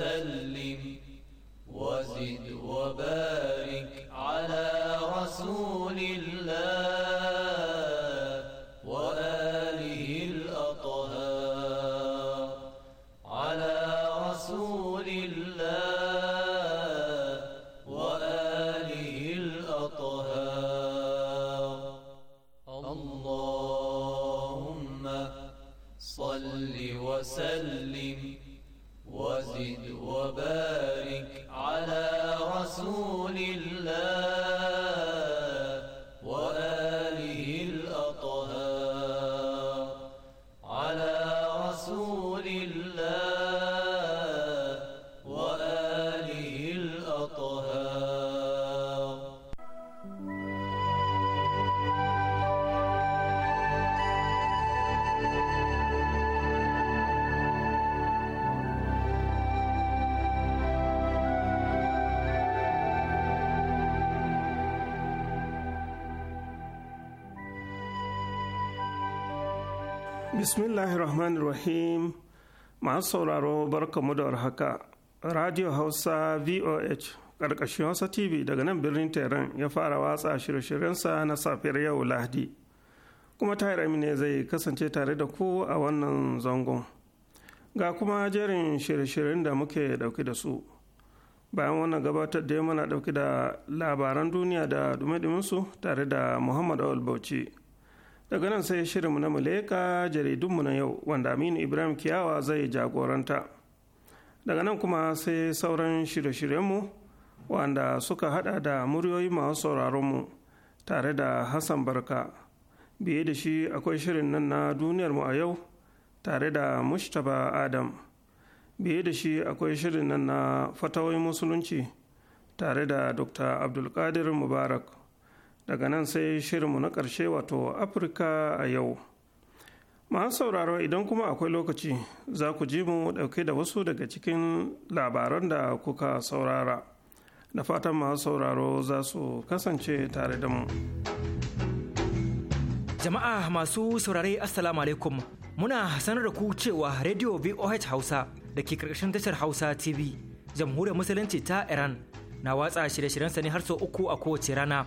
وسلم rahim. masu sauraro barkamu da haka. radio hausa voh ƙarƙashin hausa tv daga nan birnin tehran ya fara watsa shirye-shiryensa na safiyar yau lahadi kuma tahir ne zai kasance tare da ku a wannan zangon ga kuma jerin shirye-shiryen da muke ɗauki da su bayan wannan gabatar da mana ɗauki da labaran duniya da dume su tare da muhammad bauchi. daga nan sai shirinmu na muleka jaridunmu na yau wanda aminu ibrahim kiyawa zai jagoranta daga nan kuma sai sauran shirye-shiryenmu wanda suka hada da muryoyi masu sauraronmu tare da hassan barka biye da shi akwai shirin nan na duniyarmu a yau tare da mushtaba adam biye da shi akwai shirin nan na fatawai musulunci tare da dr abdulkadir mubarak daga nan sai shirinmu na ƙarshe wato afirka a yau masu sauraro idan kuma akwai lokaci za ku ji mu ɗauke da wasu daga cikin labaran da kuka saurara da fatan masu sauraro za su kasance tare da mu jama'a masu saurare assalamu alaikum muna sanar da ku cewa radio voh hausa da ke karkashin tashar hausa tv jamhuriyar musulunci ta iran na watsa shirye-shiryensa ne har sau uku a kowace rana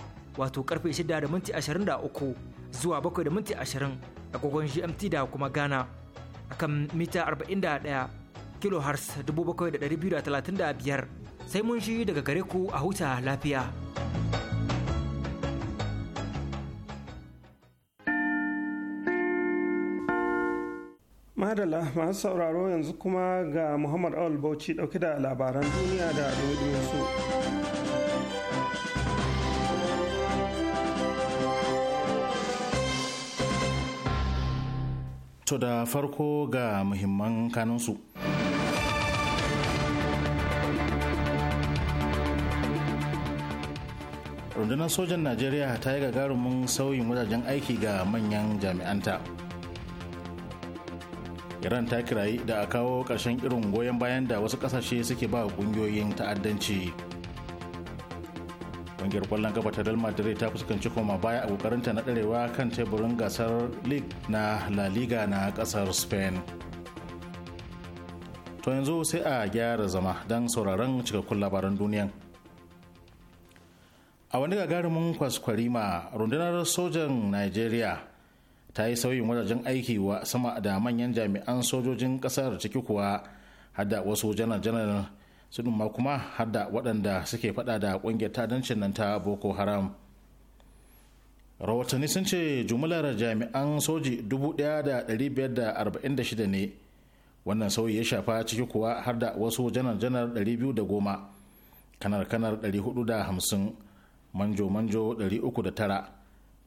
wato karfe 6:23 zuwa 7:20 a kogon agogon GMT da kuma Ghana akan mita 41 kHz 7,235 sai mun shi daga gare ku a huta lafiya. Madala masu sauraro yanzu kuma ga Muhammad Awal Bauchi dauke da labaran duniya da su. To da farko ga muhimman kanunsu. rundunar sojan najeriya ta yi gagarumin sauyin wajajen aiki ga manyan jami'anta iran ta kirayi da a kawo ƙarshen irin goyon bayan da wasu ƙasashe suke ba ƙungiyoyin ta'addanci ƙungiyar ƙwallon kafa ta Real Madrid ta fuskanci koma baya a ta na ɗarewa kan teburin gasar League na La Liga na ƙasar Spain. To yanzu sai a gyara zama don sauraron cikakkun labaran duniyan. A wani gagarumin kwaskwarima rundunar sojan Najeriya ta yi sauyin wajajen aiki wa sama da manyan jami'an sojojin kasar ciki kuwa hada wasu janar-janar su ma kuma har da waɗanda suke faɗa da ƙungiyar tadancin nan ta boko haram rahotanni sun ce jumlar jami'an soji 1,546 ne wannan sauyi ya shafa ciki kuwa har da wasu janar-janar 210 kanar-kanar 450 manjo-manjo 309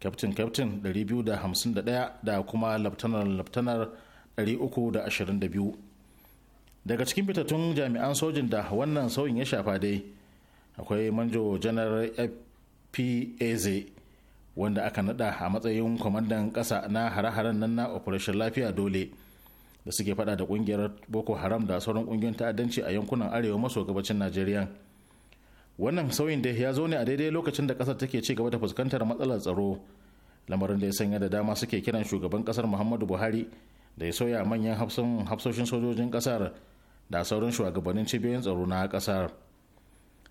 kyaftin-kyaftin 251 da kuma laftanar-laftanar 322 daga cikin fitattun jami'an sojin da wannan sauyin ya shafa dai akwai manjo janar fpaz wanda aka nada a matsayin kwamandan kasa na hare-haren nan na operation lafiya dole da suke fada da kungiyar boko haram da sauran kungiyar ta'addanci a yankunan arewa maso gabacin najeriya wannan sauyin da ya zo ne a daidai lokacin da kasar take ci gaba da fuskantar matsalar tsaro lamarin da ya sanya da dama suke kiran shugaban kasar muhammadu buhari da ya soya manyan hafsoshin sojojin kasar da sauran shugabannin cibiyoyin tsaro na kasar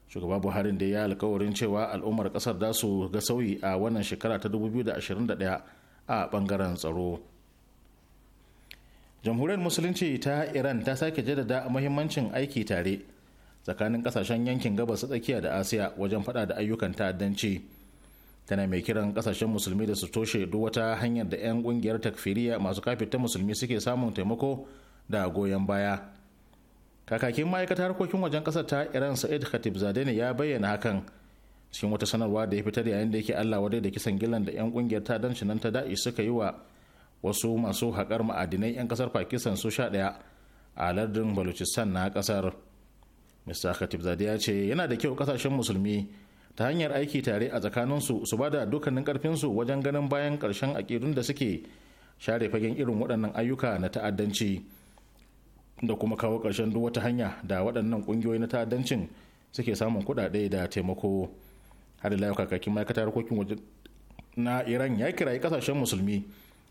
shugaba buhari da ya alkawarin cewa al'ummar kasar za su ga sauyi a wannan shekara ta 2021 a bangaren tsaro jamhuriyar musulunci ta iran ta sake jaddada muhimmancin aiki tare tsakanin kasashen yankin gabas tsakiya da asiya wajen fada da ayyukan ta'addanci tana mai kiran kasashen musulmi da su toshe duk wata hanyar da 'yan kungiyar takfiriya masu kafin ta musulmi suke samun taimako da goyon baya kakakin ma'aikatar harkokin wajen kasar ta iran sa'id khatib zade ne ya bayyana hakan cikin wata sanarwa da ya fitar yayin da yake allah wadai da kisan gillan da 'yan kungiyar ta dan nan ta da'i suka yi wa wasu masu haƙar ma'adinai 'yan kasar pakistan su sha ɗaya a lardin baluchistan na kasar mr khatib zade ya ce yana da kyau kasashen musulmi ta hanyar aiki tare a tsakaninsu su ba da dukkanin karfinsu wajen ganin bayan ƙarshen aƙidun da suke share fagen irin waɗannan ayyuka na ta'addanci. da kuma kawo ƙarshen duk wata hanya da waɗannan ƙungiyoyi na ta'addancin suke samun kuɗaɗe da taimako har ila kakakin ma'aikatar harkokin waje na iran ya kirayi ƙasashen musulmi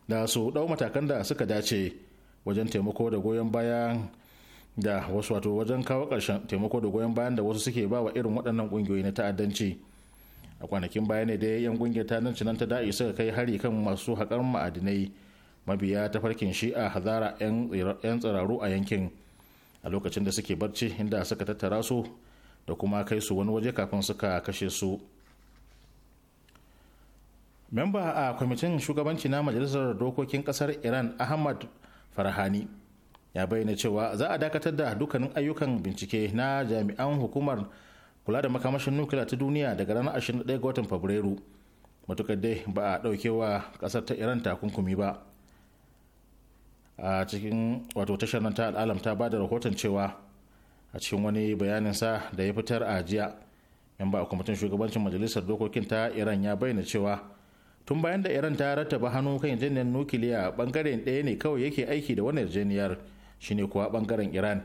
da su ɗau matakan da suka dace wajen taimako da goyon bayan da wasu wato wajen kawo ƙarshen taimako da goyon bayan da wasu suke ba wa irin waɗannan ƙungiyoyi na ta'addanci a kwanakin baya ne da yan ƙungiyar ta'addanci nan ta da'i suka kai hari kan masu haƙar ma'adinai mabiya tafarkin shi'a hazara 'yan tsiraru a yankin a lokacin da suke barci inda suka tattara su da kuma kai su wani waje kafin suka kashe su memba a kwamitin shugabanci na majalisar dokokin kasar iran ahmad farhani ya bayyana cewa za a dakatar da dukkanin ayyukan bincike na jami'an hukumar kula da makamashin nukila ta duniya daga ranar 21 ga watan fabrairu matukar dai ba a ɗaukewa ƙasar ta iran takunkumi ba a cikin wato tashar nan ta al'alam ta ba da rahoton cewa a cikin wani bayanin sa da ya fitar a jiya memba a kwamitin shugabancin majalisar dokokin ta iran ya bayyana cewa tun bayan da iran ta rattaba hannu kan yarjejeniyar nukiliya bangaren ɗaya ne kawai yake aiki da wannan yarjejeniyar shine kuwa bangaren iran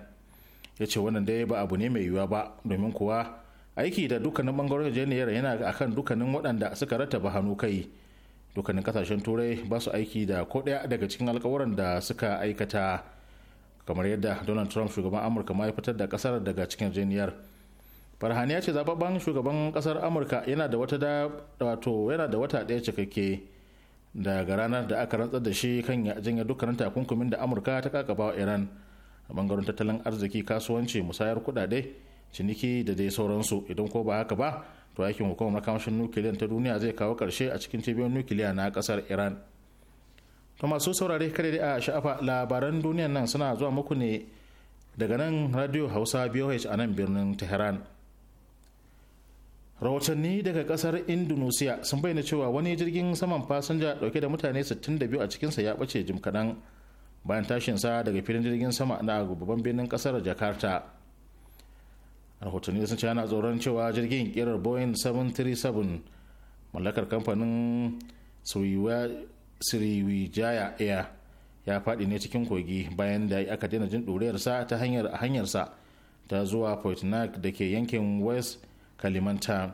ya ce wannan dai ba abu ne mai yiwuwa ba domin kuwa aiki da dukkanin bangaren yarjejeniyar yana akan dukkanin waɗanda suka rattaba hannu kai dukkanin kasashen turai ba su aiki da ko daya daga cikin alkawuran da suka aikata kamar yadda donald trump shugaban amurka ma ya fitar da kasar daga cikin jiniyar farhani ya ce zababban shugaban kasar amurka yana da wata da wato yana da wata ɗaya cikakke daga ranar da aka rantsar da shi kan ya janye dukkanin takunkumin da amurka ta kakaba wa iran a bangaren tattalin arziki kasuwanci musayar kudade ciniki da dai sauransu idan ko ba haka ba to aikin hukumar makamashin nukiliya ta duniya zai kawo karshe a cikin cibiyar nukiliya na kasar iran to masu saurari kare a sha'afa labaran duniyan nan suna zuwa muku ne daga nan radio hausa boh a nan birnin tehran rahotanni daga kasar indonesia sun bayyana cewa wani jirgin saman fasinja dauke da mutane 62 a cikinsa ya bace jim kaɗan bayan tashinsa daga filin jirgin sama na babban birnin kasar jakarta rahotanni sun ce ana tsoron cewa jirgin kirar boeing 737 mallakar kamfanin siriwijaya air ya faɗi ne cikin kogi bayan da aka daina jin ɗuriyarsa ta hanyar hanyarsa ta zuwa poitinak da ke yankin west kalimanta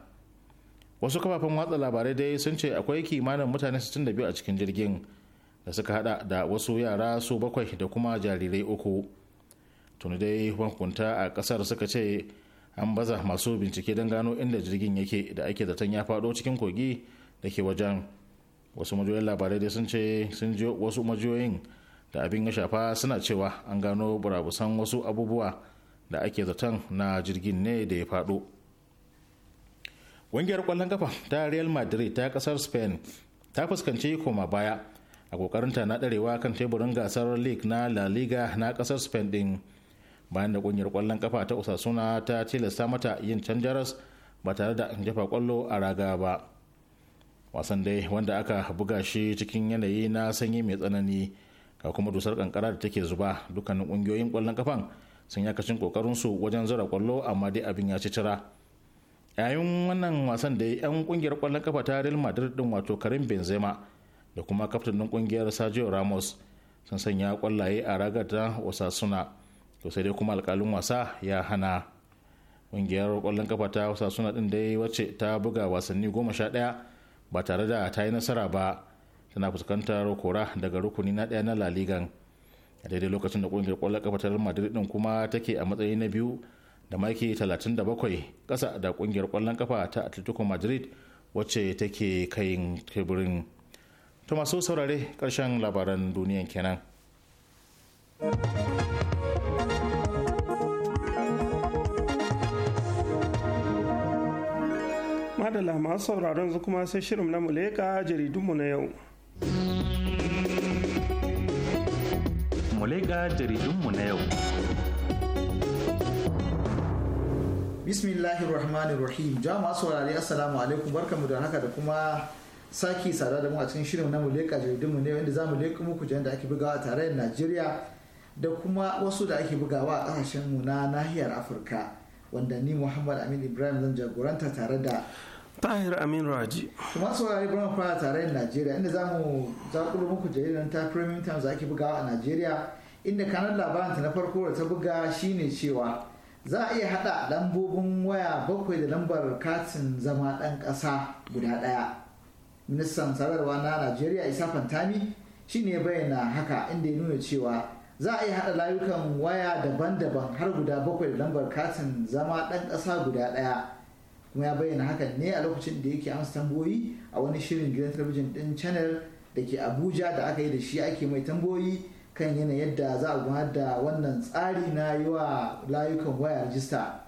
wasu kafafen watsa labarai dai sun ce akwai kimanin mutane 62 a cikin jirgin da suka hada da wasu yara su bakwai da kuma jarirai uku tuni dai hukunta a kasar suka ce an baza masu bincike don gano inda jirgin yake da ake zaton ya fado cikin kogi da ke wajen wasu majiyoyin labarai dai sun ce sun ji wasu majiyoyin da abin ya shafa suna cewa an gano burabusan wasu abubuwa da ake zaton na jirgin ne da ya fado. ƙungiyar kwallon kafa ta real madrid ta kasar spain ta fuskanci koma baya a ƙoƙarinta na ɗarewa kan teburin gasar league na la liga na ƙasar spain din. bayan da kungiyar kwallon kafa ta usasuna ta tilasta mata yin canjaras ba tare da jefa kwallo a raga ba wasan dai wanda aka buga shi cikin yanayi na sanyi mai tsanani ga kuma dusar kankara da take zuba dukkanin kungiyoyin kwallon kafan sun yakacin kokarin su wajen zura kwallo amma dai abin ya ci cira yayin wannan wasan dai yan kungiyar kwallon kafa ta real madrid din wato karim benzema da kuma kaftin din kungiyar sergio ramos sun sanya kwallaye a ragar ta osasuna to sai dai kuma alkalin wasa ya hana ƙungiyar ƙwallon kafa ta wasa suna ɗin dai wace ta buga wasanni goma sha ɗaya ba tare da ta yi nasara ba tana fuskantar kora daga rukuni na ɗaya na laligan a daidai lokacin da ƙungiyar ƙwallon kafa ta madrid ɗin kuma take a matsayi na biyu da maki talatin da bakwai ƙasa da ƙungiyar ƙwallon kafa ta atletico madrid wacce take kai kebirin to masu saurare ƙarshen labaran duniyan kenan. madala masu sauraron zu kuma sai shirin na muleka jaridunmu na yau muleka jaridunmu na yau bismillahir rahmanir rahim jama'a saurare assalamu alaikum barkamu da haka da kuma saki sada da mu a cikin shirin na muleka jaridunmu yau, wanda za mu leka muku jan da ake bugawa a da najeriya da kuma wasu da ake bugawa a kasashen mu na nahiyar afirka wanda ni muhammad amin ibrahim zan jagoranta tare da tahir amin raji kuma saurari buran fara tare da najeriya inda zamu mu zakulo muku jaridar ta premium times ake bugawa a najeriya inda kanar labaranta na farko da ta buga shine cewa za a iya hada lambobin waya bakwai da lambar katin zama dan kasa guda daya ministan sadarwa na najeriya isa fantami shine bayyana haka inda ya nuna cewa za a iya haɗa layukan waya daban-daban har guda bakwai da lambar katin zama ɗan ƙasa guda ɗaya kuma ya bayyana hakan ne a lokacin da yake amsa tambayoyi a wani shirin gidan talabijin ɗin channel da ke abuja da aka yi da shi ake mai tambayoyi kan yanayin yadda za a gudanar da wannan tsari na yi wa layukan waya rajista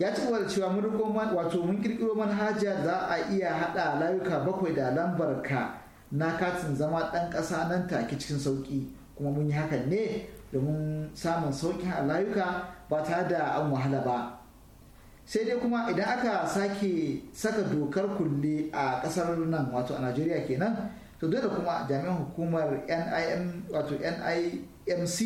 ya ci gaba da cewa mun riko wato mun kirkiro manhaja za a iya haɗa layuka bakwai da lambar ka na katin zama ɗan ƙasa nan take cikin sauƙi kuma mun yi hakan ne domin samun sauƙin alayuka ba tare da an wahala ba sai dai kuma idan aka sake saka dokar kulle a ƙasar nan wato a najeriya kenan to dole kuma jami'an hukumar wato nimc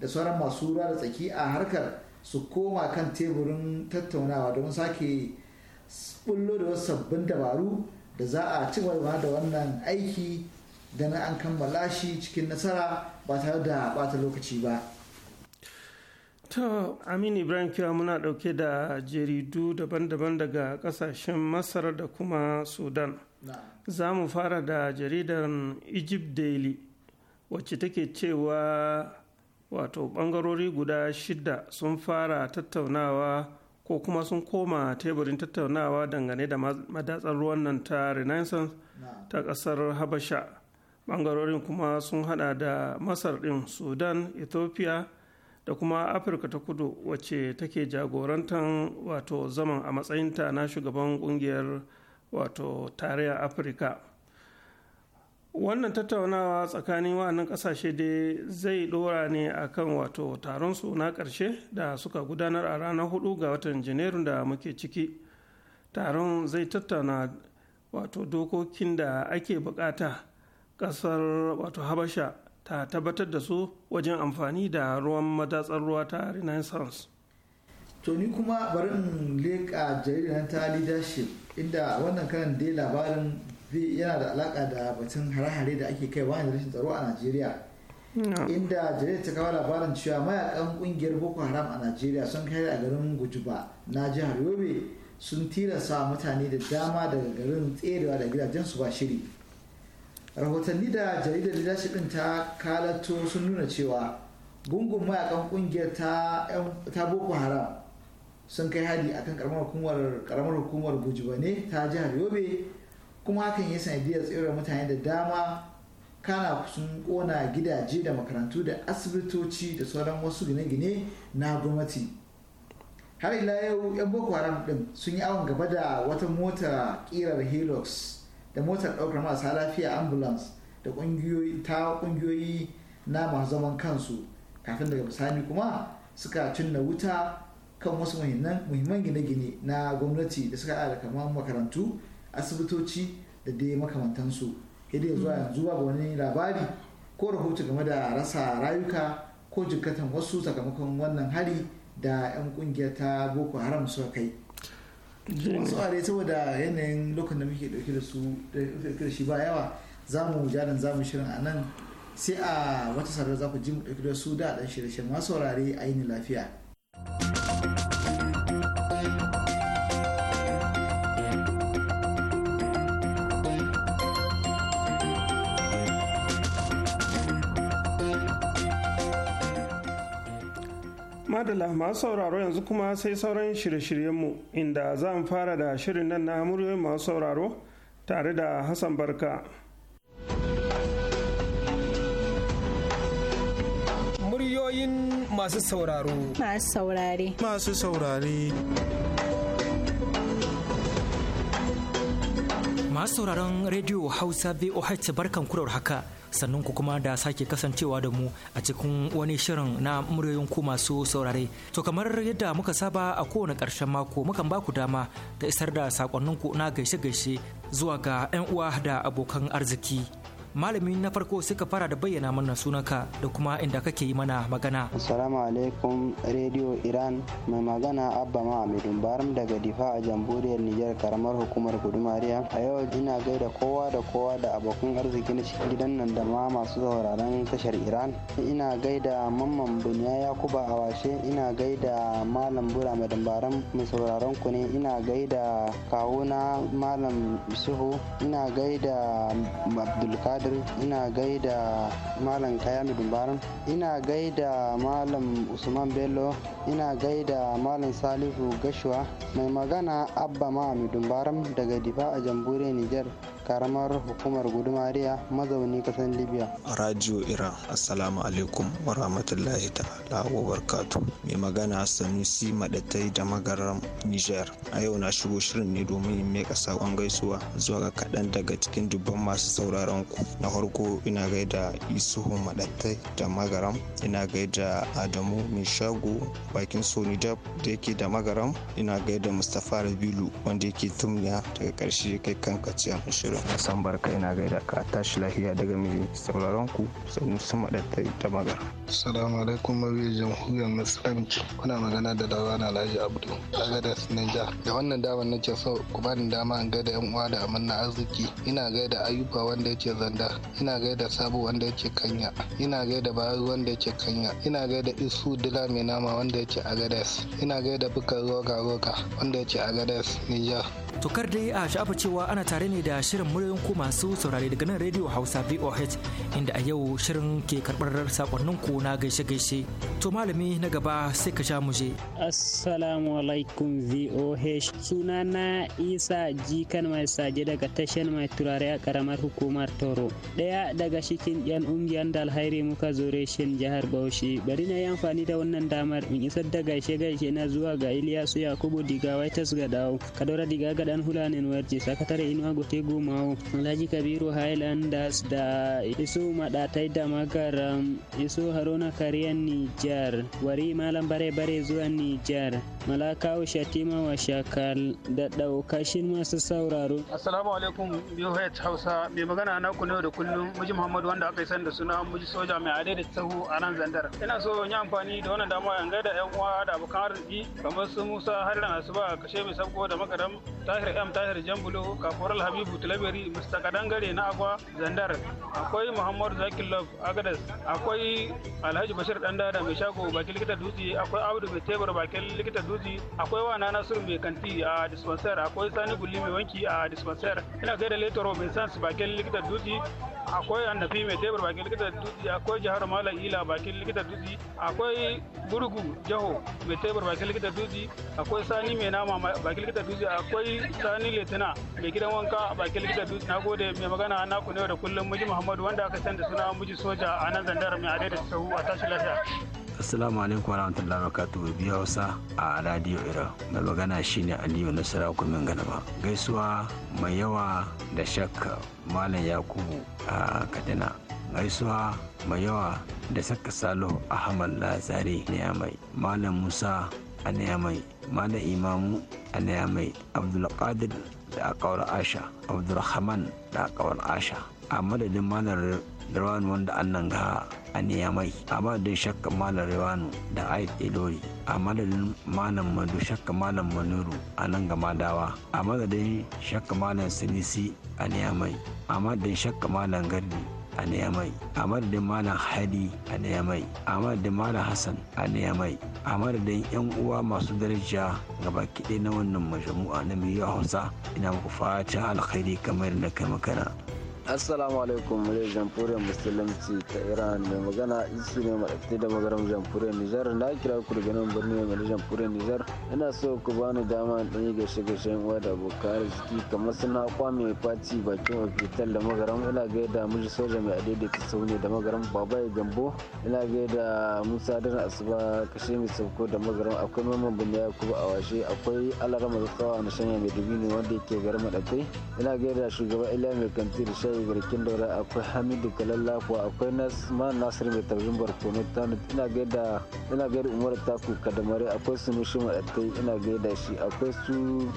da sauran masu ruwa da tsaki a harkar su koma kan teburin tattaunawa domin sake bullo da wasu sabbin dabaru da za a ci da wannan aiki da na an kammala shi cikin nasara ba tare da bata lokaci ba to amin ibrahim kewa muna dauke da jaridu daban-daban daga kasashen masar da kuma sudan za mu fara da jaridar egypt daily wacce take cewa wato bangarori guda shida sun fara tattaunawa ko kuma sun koma teburin tattaunawa dangane da madatsar ruwan nan ta renaissance ta kasar habasha bangarorin kuma sun hada da masar din sudan ethiopia da kuma afirka ta kudu wacce take jagorantar wato zaman a matsayinta na shugaban kungiyar wato tarayyar afirka wannan tattaunawa tsakanin wa'annan kasashe dai zai dora ne akan wato taron su na karshe da suka gudanar a ranar hudu ga watan janairun da muke ciki taron zai tattauna wato dokokin da ake bukata kasar wato habasha ta tabbatar da su wajen amfani da ruwan madatsar ruwa ta renaissance to ni kuma bari in leƙa jaridar ta leadership inda wannan karan dai labarin yana da alaka da batun hare-hare da ake kai wani rashin tsaro a najeriya inda jaridar ta kawo labarin cewa mayakan kungiyar boko haram a najeriya sun kai a garin gujuba na jihar yobe sun tilasta mutane da dama daga garin tserewa da gidajen su ba shiri rahotanni da jaridar leadership din ta kalato sun nuna cewa gungun mayakan kungiyar ta boko haram sun kai hari akan karamar hukumar karamar hukumar gujibane ta jihar yobe kuma hakan ya sanadiyar tsere mutane da dama kana sun kona gidaje da makarantu da asibitoci da sauran wasu gine-gine na gwamnati har ila yau yan boko haram din sun yi awon gaba da wata mota kirar helix da motar ɗaukar marasa lafiya ambulance da ta ƙungiyoyi na masu zaman kansu kafin daga bisani kuma suka cinna wuta kan wasu muhimman gine-gine na gwamnati da suka da kamar makarantu asibitoci da dai makamantansu ya zuwa yanzu ba wani labari ko rahoto game da rasa rayuka ko jikatan wasu sakamakon wannan hari da 'yan kungiyar ta boko haram suka kai wasu are saboda yanayin lokacin da muke dauke da su da shi ba yawa za mu jarin za mu shirin a nan sai a wata sarar za ku ji mu dauke da su da dan shirye masu wurare a yi lafiya. madala masu sauraro yanzu kuma sai sauran shirye-shiryenmu inda za mu fara da shirin nan na muryoyin masu sauraro tare da hassan barka muryoyin masu sauraro masu saurare masu saurare masu sauraron rediyo hausa voh barkan kurar haka sannan ku kuma da sake kasancewa da mu a cikin wani shirin na muryoyin ku masu saurare. To kamar yadda muka saba a kowane ƙarshen mako mukan baku dama ta isar da sakonninku na gaishe-gaishe zuwa ga 'yan uwa da abokan arziki. malamin na farko suka fara da bayyana mana sunanka da kuma inda kake yi mana magana. Assalamu alaikum Radio Iran mai magana Abba Ma'amidun Baram daga Difa a jamhuriyar Nijar karamar hukumar Gudumariya. A yau ina gaida kowa da kowa da abokan arziki na cikin gidan nan da ma masu sauraron tashar Iran. Ina gaida Mamman Bunya Yakuba Awashe, ina gaida Malam Bura Madan Baram mai sauraron ku ne, ina gaida kawuna Malam Suhu, ina gaida Abdulkadir ina gaida Malam Kayami Dumbaran ina gaida Malam Usman Bello ina gaida Malam Salihu Gashuwa mai magana Abba Ma'ami Dumbaran daga Difa a jamhuriyar Nijar karamar hukumar gudumariya mazauni kasan libya radio iran assalamu alaikum wa rahmatullahi ta'ala wa barkatu mai magana sanusi madatai da magaran niger a yau na shigo shirin ne domin in mika sakon gaisuwa zuwa ga kaɗan daga cikin dubban masu sauraron ku na farko ina gaida isuhun madattai da magaram ina gaida adamu mai shago bakin sony dab da yake da magaram ina gaida mustapha rabilu wanda yake tumya daga karshe kai kanka ciyan shirin san barka ina gaida ka tashi lahiya daga mai sauraron ku sai musu madattai da magaram assalamu alaikum mawiyar jamhuriyar musulunci kuna magana da dawa na alhaji abdu daga da sinanja da wannan daman nake so ku bani dama in gaida yan uwa da amanna arziki ina gaida ayuba wanda yake zanda gaida ina gaida sabo wanda yake kanya ina gaida bayu wanda yake kanya ina gaida isu dila mai nama wanda yake agades ina gaida bukar roga roga wanda yake agades niger tukar dai a shafa cewa ana tare ne da shirin muryoyin ku masu saurare daga nan rediyo hausa voh inda a yau shirin ke karɓar sakonnin ku na gaishe-gaishe to malami na gaba sai ka sha muje assalamu alaikum voh sunana isa jikan mai saje daga tashar mai turare a karamar hukumar toro daya daga cikin 'yan ƙungiyar da alhairi muka zore shin jihar Bauchi. Bari na yi amfani da wannan damar in isar da gaishe-gaishe na zuwa ga Iliyasu Yakubu Diga Waitas Gadawo, Kadora Diga Gadan Hulanin Warji, Sakatare Inuwa Gote Gumawo, Alhaji Kabiru Highlanders da Isu madatai da Magaram, Isu Haruna Kariyan Nijar, Wari Malam Bare Bare zuwa Nijar, Malakawu Shatima wa Shakal da daukashin masu sauraro. Assalamu alaikum, Hausa, mai magana na kuna yau da kullum muji muhammadu wanda aka yi da suna muji soja mai adai da tsaho a nan zandar ina so yi amfani da wannan dama yanga da yan uwa da abokan arziki kamar su musa hariran asuba kashe mai sabko da makaram tahir m tahir jambulo kafural habibu tulaberi mr kadangare na agwa zandar akwai muhammadu zakin love agadas akwai alhaji bashir dan dada mai shago bakin likita dutse akwai audu mai tebur bakin likita dutse akwai wana nasiru mai kanti a dispensaire akwai sani gulli mai wanki a dispensaire ina gaida letoro mai bakin likita dutse akwai annabi mai tebur bakin likitar dutse akwai jihar malam ila bakin likitar dutse akwai gurgu jaho mai tebur bakin likitar dutse akwai sani mai nama bakin likitar dutse akwai sani letina mai gidan wanka bakin likitar dutse na gode mai magana na ku ne da kullum muji muhammadu wanda aka san da suna muji soja a nan zandar mai da sahu a tashi lafiya Assalamu alaikum wa rahmatullahi wa barakatuhu biyu Hausa a Radio Ira. Mai magana shine Aliyu Nasara min Galaba. Gaisuwa mai yawa da shakka Malam Yakubu a Kaduna. Gaisuwa mai yawa da saka Salo Ahmad Lazare mai. Malam Musa a mai. Malam Imamu a abdul Abdulkadir da akawar Asha. Abdulrahman da akawar Asha. A madadin Malam Rawan wanda annan ga a niyamai a madadin shakka malam rewanu da ait ilori a madadin malam madu shakka malam manuru a nan gama dawa a madadin shakka malam sinisi a niyamai a madadin shakka malam gardi a niyamai a madadin malam hadi a niyamai a madadin malam hassan a niyamai a madadin yan uwa masu daraja gaba kiɗe na wannan majamu'a na miliyan hausa ina muku fata alkhairi kamar da kai makara assalamu alaikum muryar jamfuriyar musulunci ta iran mai magana isi ne maɗafi da magaram jamfuriyar nijar na kira ku daga nan birnin mai jamfuriyar nijar ina so ku ni dama in ɗanyi gashe gashe uwa da bukar ciki kamar suna kwame faci bakin ofital da magaram ina da miji soja mai adaidaita sauni da magaram baba ya gambo ina da musa dana asuba kashe mai sauko da magaram akwai mamman ya yakubu a washe akwai alarama da tsawa na shanya mai dubi ne wanda yake garin maɗafai ina da shugaba ila mai kanti da Garkin Daura akwai Hamidu kalallafu akwai Nasma Nasiru mai taurin barkono ta ina gaida ina gaida Umar Taku Kadamare akwai su Nushi Ma'atai ina gaida shi akwai su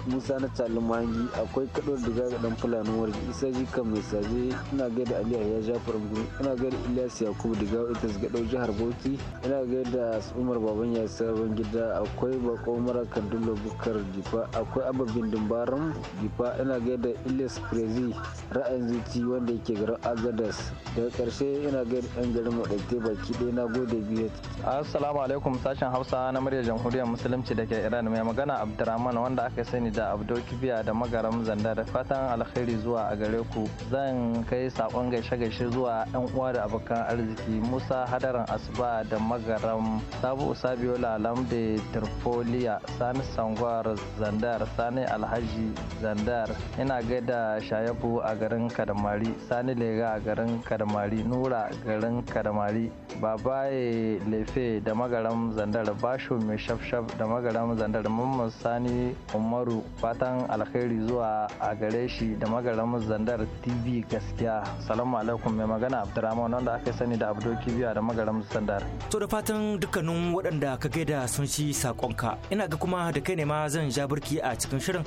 Musa na Talin Mahangi akwai Kado Diga ga dan Fulani Warji Isa Jika mai saje ina gaida Ali Yahya Jafar Mbu ina gaida Ilyas Yakubu Diga ita ga dau jihar Bauchi ina gaida Umar Baban Yasir gida akwai Bako Umar Kadulo Bukar Jifa akwai Ababin Dumbaran Jifa ina gaida Ilyas Prezi ra'ayin zuci wanda yake garin agadas Daga ƙarshe ina gaida yan garin Maɗaite baki ɗaya na gode biyu. Assalamu alaikum sashen Hausa na murya Jamhuriyar Musulunci da ke Iran mai magana Abdurrahman wanda aka sani da Abdul Kibiya da magaram Zanda da fatan alkhairi zuwa a gare ku. Zan kai sakon gaishe-gaishe zuwa 'yan uwa da abokan arziki Musa Hadaran Asuba da magaram Sabu lalam Lamde Tirfoliya Sani Sangwar Zandar Sani Alhaji Zandar ina gaida Shayabu a garin Kadamari. kadamari sani lega garin kadamari nura garin kadamari babaye lefe da magaram zandar basho mai shafshaf da magaram zandar mamman sani umaru fatan alkhairi zuwa a gare shi da magaram zandar tv gaskiya salamu alaikum mai magana abdurrahman wanda aka sani da abdo kibiya da magaram zandar to da fatan dukkanin waɗanda ka gaida sun ci sakonka ina ga kuma da kai ne ma zan ja birki a cikin shirin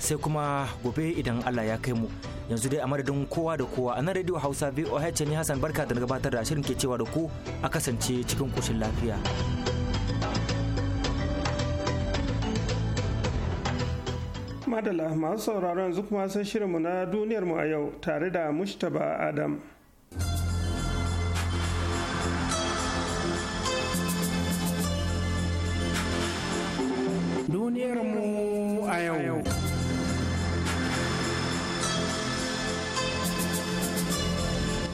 sai kuma gobe idan Allah ya kai mu yanzu dai a madadin kowa da kowa a nan radio hausa voh ne hassan barka da gabatar da shirin ke cewa da ku a kasance cikin koshin lafiya madala masu sauraron yanzu kuma sai shirinmu na duniyar mu a yau tare da mushtaba adam duniyar a yau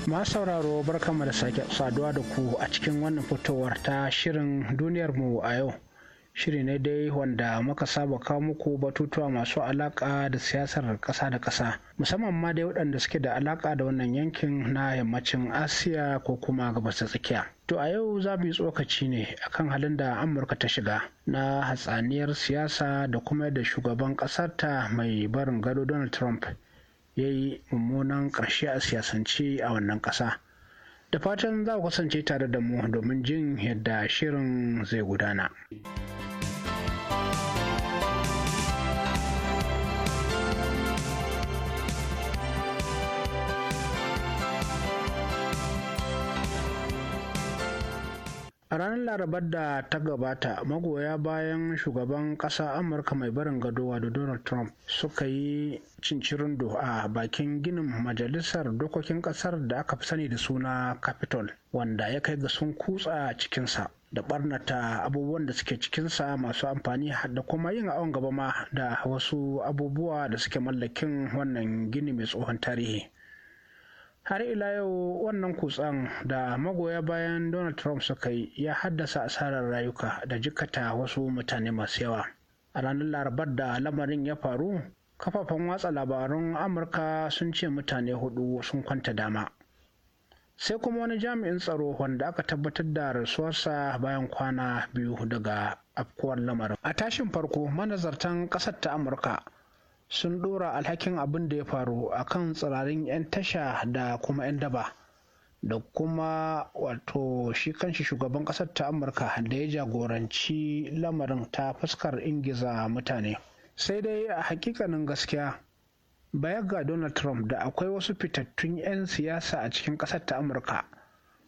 ma sauraro barkanmu da sake saduwa da ku a cikin wannan fitowar ta shirin duniyarmu a yau shiri ne dai wanda muka saba kawo muku batutuwa masu alaka da siyasar ƙasa da ƙasa musamman ma dai waɗanda suke da alaka da wannan yankin na yammacin asiya ko kuma gabas ta tsakiya to a yau za mu yi tsokaci ne akan halin da amurka ta shiga na hatsaniyar siyasa da kuma da shugaban ƙasarta mai barin gado donald trump ya yi mummunan ƙarshe a siyasance a wannan ƙasa da fatan za ku kasance tare da mu domin jin yadda shirin zai gudana. a ranar larabar da ta gabata magoya bayan shugaban ƙasa amurka mai barin gado wato donald trump suka yi cincirindo a bakin ginin majalisar dokokin ƙasar da aka fi sani da suna capitol wanda ya kai ga sun kutsa cikinsa da barnata abubuwan da suke cikinsa masu amfani da kuma yin awon gaba ma da wasu abubuwa da suke mallakin wannan gini mai tsohon tarihi har ila yau wannan kutsan da magoya bayan donald trump suka yi ya haddasa asarar rayuka da jikata wasu mutane masu yawa a ranar larabar da lamarin ya faru kafafen watsa labarun amurka sun ce mutane hudu sun kwanta dama sai kuma wani jami'in tsaro wanda aka tabbatar da rasuwarsa bayan kwana biyu daga afkuwar lamarin a tashin farko manazartan ƙasar ta amurka sun ɗora alhakin abin da ya faru a kan tsirarin 'yan tasha da kuma 'yan daba da kuma wato shi kanshi shugaban ƙasar ta amurka da ya jagoranci lamarin ta fuskar ingiza mutane sai dai a hakikanin gaskiya baya ga donald trump da akwai wasu fitattun 'yan siyasa a cikin ƙasar ta amurka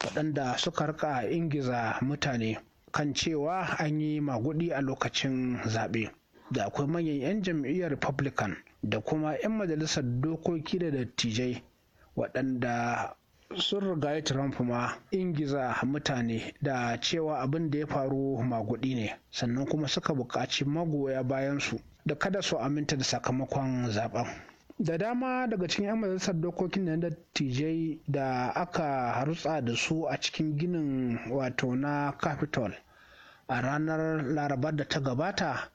waɗanda suka rika ingiza mutane kan cewa an yi magudi a lokacin zaɓe. da akwai manyan 'yan jam'iyyar republican da kuma 'yan majalisar dokoki da dattijai waɗanda sun rigaye Trump ma ingiza mutane da cewa abin da ya faru magudi ne sannan kuma suka buƙaci magoya bayansu da kada su aminta da sakamakon zaben. Da dama daga cikin 'yan majalisar dokokin da dattijai da aka harutsa da su a cikin ginin wato na Capitol a ranar larabar da ta gabata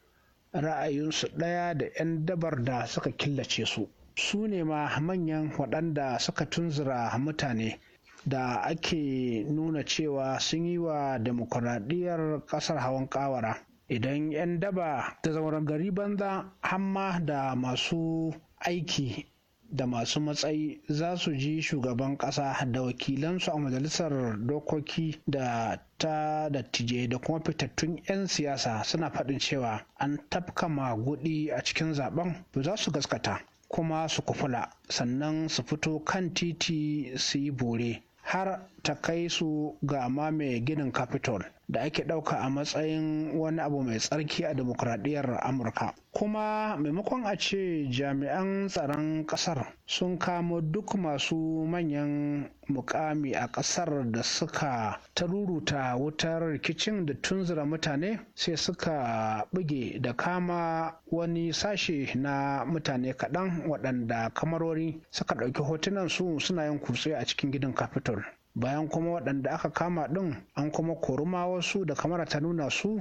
ra'ayinsu ɗaya da 'yan dabar da suka killace su su ne ma manyan waɗanda suka tunzura mutane da ake nuna cewa sun yi wa demokuraɗiyar ƙasar hawan ƙawara idan 'yan daba ta zauren gari banza hamma da masu aiki da masu matsayi za su ji shugaban ƙasa da wakilansu a majalisar dokoki da ta dattijai da kuma fitattun 'yan siyasa suna faɗin cewa an tafka magudi a cikin zaben ba za su gaskata kuma su kufula sannan su fito kan titi su yi bore har ta kai su ga mamaye ginin capitol da ake ɗauka a matsayin wani abu mai tsarki a demokuraɗiyyar amurka kuma maimakon a ce jami'an tsaron ƙasar sun kamo duk masu manyan mukami a ƙasar da suka taruruta wutar rikicin da tunzura mutane sai suka buge da kama wani sashe na mutane kaɗan waɗanda kamarori suka ɗauki hotunan su suna yin kutse a cikin gidan capitol bayan kuma waɗanda aka kama ɗin an kuma koruma wasu da kamar ta nuna su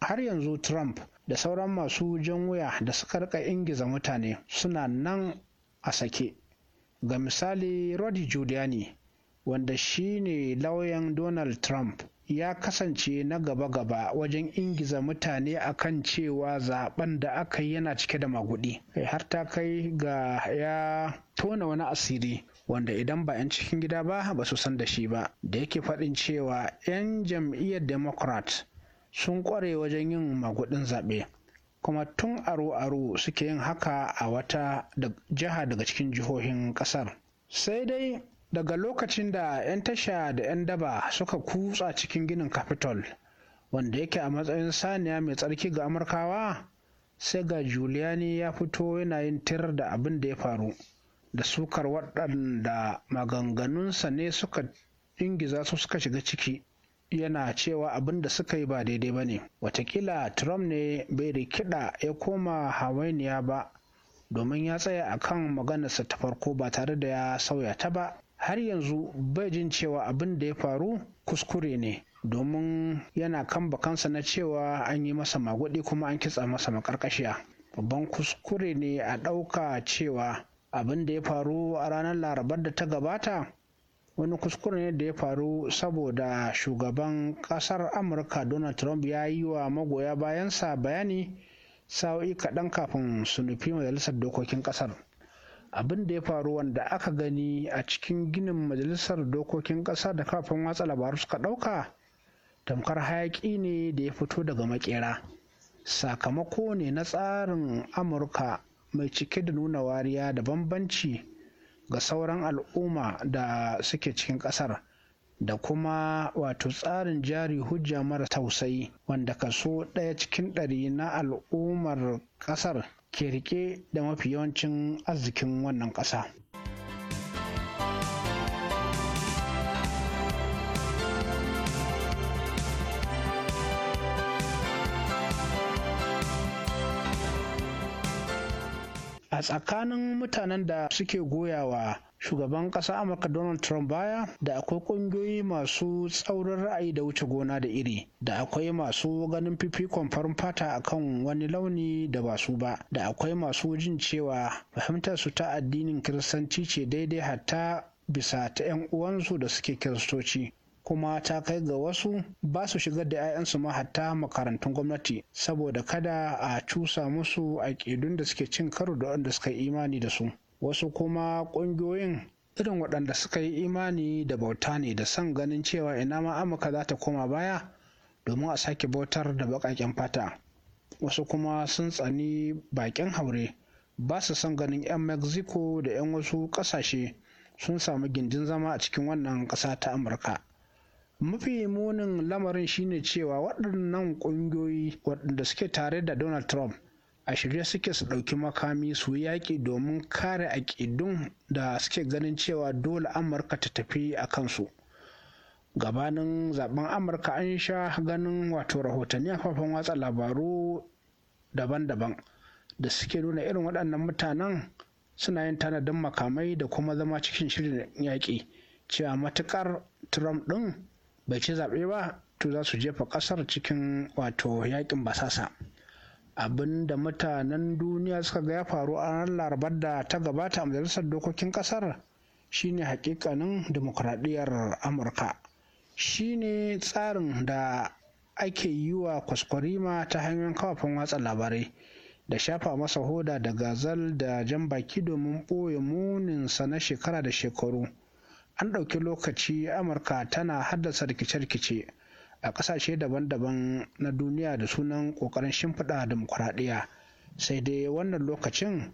har yanzu trump da sauran masu jan wuya da suka rika ingiza mutane suna nan a sake ga misali rod Giuliani wanda shine lauyan Donald Trump ya kasance na gaba-gaba wajen ingiza mutane akan cewa zaben da aka yi yana cike da magudi har ta kai ga ya tona wani asiri wanda idan ba 'yan cikin gida ba ba su san da shi ba da yake faɗin cewa 'yan jam'iyyar democrat sun ƙware wajen yin magudin zaɓe kuma tun aro-aro suke yin haka a wata jiha daga cikin jihohin ƙasar sai dai daga lokacin da 'yan tasha da 'yan daba suka kutsa cikin ginin capitol wanda yake a matsayin saniya mai tsarki ga amurkawa sai ga Giuliani ya fito yana yin tirar da abin da ya faru da sukar waɗanda maganganunsa ne suka ingiza su suka shiga ciki yana cewa abin da suka yi ba daidai ba ne watakila trump ne bai rikida ya koma hawainiya ba domin ya tsaya a kan maganarsa ta farko ba tare da ya sauya ta ba har yanzu bai jin cewa abin da ya faru kuskure ne domin yana kan bakansa na cewa an yi masa magudi kuma an kitsa masa makarkashiya babban kuskure ne a ɗauka cewa abin da ya faru a ranar larabar da ta gabata wani kuskure ne da ya faru saboda shugaban kasar amurka donald trump ya yi wa magoya bayansa bayani sa'o'i kaɗan kafin su nufi majalisar dokokin kasar abin da ya faru wanda aka gani a cikin ginin majalisar dokokin ƙasa da kafin watsa labaru suka ɗauka tamkar hayaƙi ne da ya fito daga makera sakamako ne na tsarin amurka mai cike da nuna wariya da bambanci ga sauran al'umma da suke cikin ƙasar da kuma wato tsarin jari hujja mara tausayi wanda kaso ɗaya cikin ɗari na al'ummar ƙasar ke rike da mafi yawancin arzikin wannan ƙasa. a tsakanin mutanen da suke goyawa shugaban ƙasa amurka donald trump baya da akwai ƙungiyoyi masu tsaurin ra'ayi da wuce gona da iri da akwai masu ganin fifikon farin fata akan wani launi da ba su ba da akwai masu jin cewa fahimtar su ta addinin kiristanci ce daidai hatta bisa ta 'yan uwansu da suke kiristoci kuma ta kai ga wasu ba su shigar da 'ya'yansu ma hatta makarantun gwamnati saboda kada a cusa musu aƙidun da suke cin karo da wanda suka yi imani da su wasu kuma ƙungiyoyin irin waɗanda suka yi imani da bauta ne da son ganin cewa ina ma amurka za ta koma baya domin a sake bautar da baƙaƙen fata wasu kuma sun tsani baƙin haure ba su son ganin 'yan mexico da 'yan wasu ƙasashe sun samu gindin zama a cikin wannan ƙasa ta amurka mafi munin lamarin shine cewa waɗannan ƙungiyoyi waɗanda suke tare da donald trump a shirye suke su ɗauki makami su yaƙi domin kare aƙidun da suke ganin cewa dole amurka ta tafi a kansu gabanin zaben amurka an sha ganin wato rahotanni a kafafen watsa labaru daban-daban da suke nuna irin waɗannan mutanen suna yin tanadin makamai da kuma zama cikin shirin yaƙi cewa matuƙar trump ɗin bai ci zaɓe ba to za su jefa ƙasar cikin wato yaƙin basasa abin da mutanen duniya suka ga ya faru a ranar larabar da ta gabata a majalisar dokokin ƙasar shine hakikanin dimokuraɗiyyar amurka shine tsarin da ake yi wa kwaskwarima ta hanyar kafafen watsa labarai da shafa masa hoda da gazal da jan baki domin ɓoye muninsa na shekara da shekaru an ɗauki lokaci amurka tana haddasa rikice-rikice a ƙasashe daban-daban na duniya da sunan ƙoƙarin shimfiɗa dimokuraɗiyya sai dai wannan lokacin